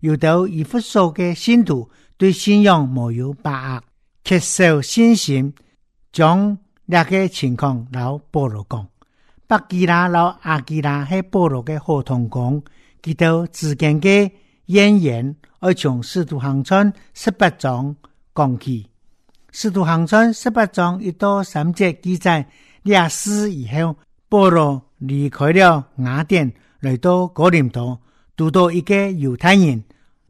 有到有以弗所的信徒對信仰冇有把握，缺少信心，將那個情況撈保羅講。百基拉撈阿基拉喺保羅的合同講，佢到之前嘅演言，而從《使徒行傳》十八章講起，《使徒行傳》十八章一到三節記載這事以後，保羅離開了雅典，來到哥林多，讀到一個猶太人。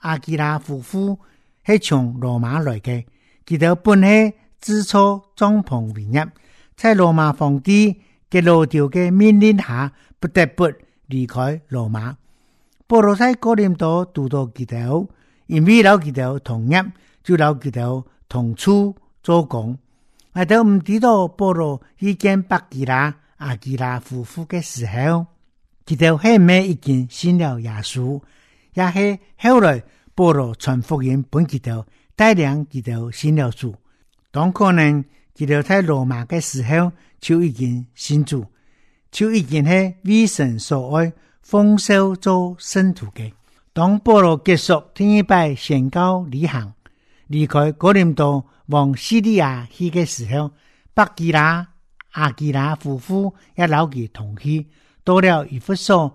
阿基拉夫婦係從羅馬來的，佢哋本係之初帳篷維業，在羅馬皇帝嘅羅條嘅命令下，不得不離開羅馬。保羅在哥林多讀到佢哋，因為老佢哋同意，就老佢哋同處做工。但係唔知道保羅已經阿基拉阿基拉夫婦的時候，佢哋係沒一件信了耶穌。也許後來保羅傳福音本基督帶領基督新留住，當可能基督在羅馬嘅時候就已經信主，就已經係為神所愛奉召做聖徒嘅。當保羅結束天一拜宣告旅行，離開哥林多往敘利亞去嘅時候，伯吉拉阿吉拉夫婦也老一老二同去，到了以弗所。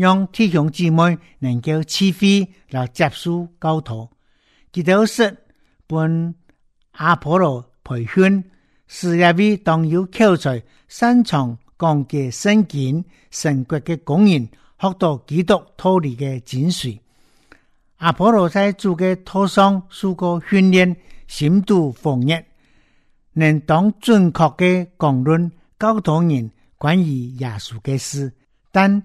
讓弟兄姊妹能夠起飛，來接受教導。基督說：本阿婆羅培訓事業為當有口才、擅長講解聖經、神國嘅工人學到基督脫離嘅精髓。阿婆羅在做嘅土上受過訓練，深度豐益，能當準確嘅講論，教導人關於耶穌嘅事，但。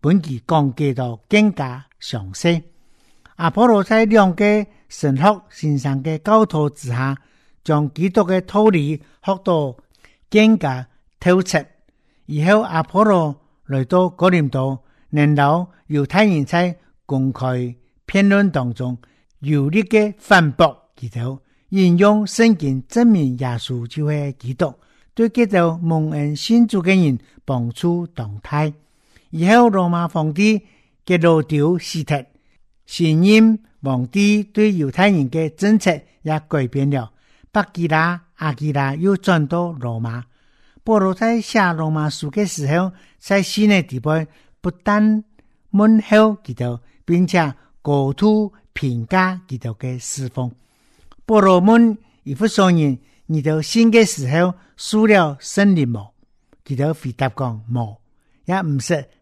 本期講基到敬價詳升，阿波羅在兩個神學先生嘅教導之下，將基督嘅道理學到敬價透徹。而後阿波羅來到哥林多，能夠猶太人喺公開辯論當中有力嘅反駁基督，引用聖經證明耶穌就係基督，對基督蒙恩信主的人放出動態。以後羅馬皇帝革老丟逝世，新任皇帝對猶太人的政策也改變了。巴吉拉、阿吉拉又轉到羅馬。保羅在寫羅馬書的時候，在室內地板不但問候基督，並且高度評價基督嘅侍奉。保羅問以弗所人，你到信的時候受了聖靈冇？基督回答講：冇也唔是。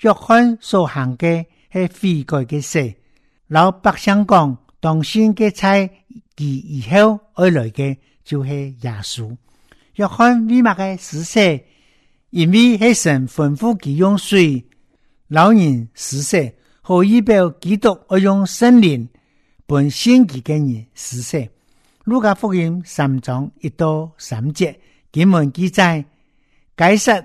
約翰所行嘅係悔改嘅事，老百姓講當先嘅差，其以後而來嘅就是耶穌。約翰秘密嘅死訊，因為係神吩咐佢用水，老人死訊，和以表基督而用聖靈，本先期嘅人死訊。路加福音三章一到三節，經文記載解釋。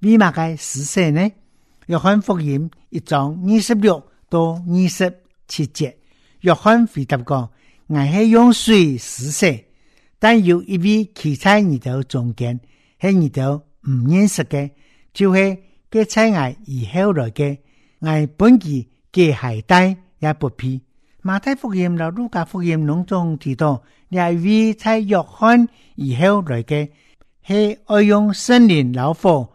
為嘛該施洗呢？約翰福音一章二十六到二十七節，約翰回答講：我係用水施洗，但有一位企在你兜中間係你兜唔認識嘅，就係該在我以後來嘅，我本記嘅鞋帶也不配。馬太福音老路加福音攏總提到，係為位在約翰以後來嘅，係愛用聖靈老火。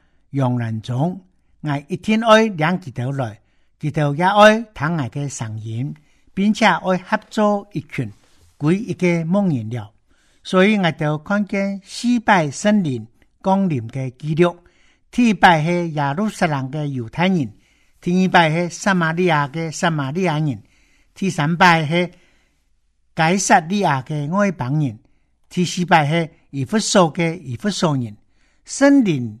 用人種，我一天愛兩隻到來，佢就也愛打壓嘅神演，並且愛合咗一群鬼嘅夢言了。所以我就看見四拜神靈降臨嘅記錄，第一拜係耶路撒冷嘅猶太人，第二拜係撒瑪利亞嘅撒瑪利亞人，第三拜係該撒利亞嘅外邦人，第四拜係以弗所嘅以弗所人，神靈。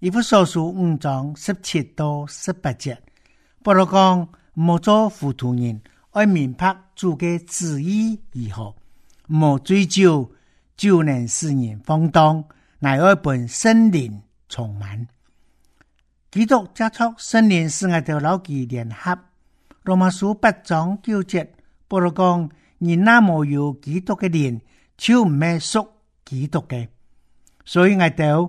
以弗所書五章十七到十八節，不如講冇做糊塗人，愛明白主嘅旨意如何，冇追求就能使人放蕩，乃愛本聖靈充滿基督接觸聖靈世界的老紀聯合羅馬書八章九節，不如講而那冇有基督嘅人，就唔係屬基督嘅，所以我哋。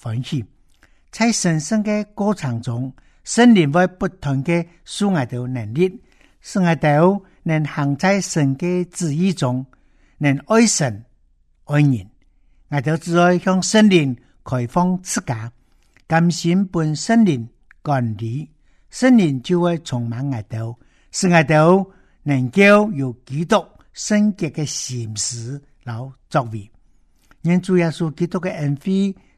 歡喜，在神聖嘅過程中，聖靈會不同嘅屬愛豆能力，使愛豆能行在神嘅旨意中，能愛神、愛人，愛豆就會向聖靈開放自家，甘心被聖靈管理，聖靈就會充滿愛豆，使愛豆能夠有基督聖潔嘅心思，然後作為，願主耶穌基督嘅恩惠。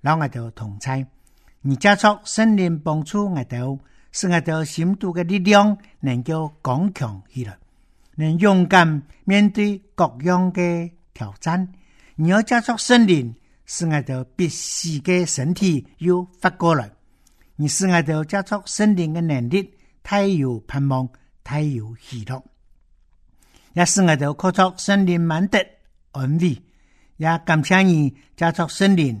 讓我到同在，你借助聖靈幫助我到，使我到深度的力量能夠剛強起來，能勇敢面對各樣嘅挑戰。你要借助聖靈，使我到必死嘅身體又發過來，而使我到借助聖靈嘅能力太有盼望，太有喜樂，也使我到靠著聖靈滿得安慰，也感謝你借助聖靈。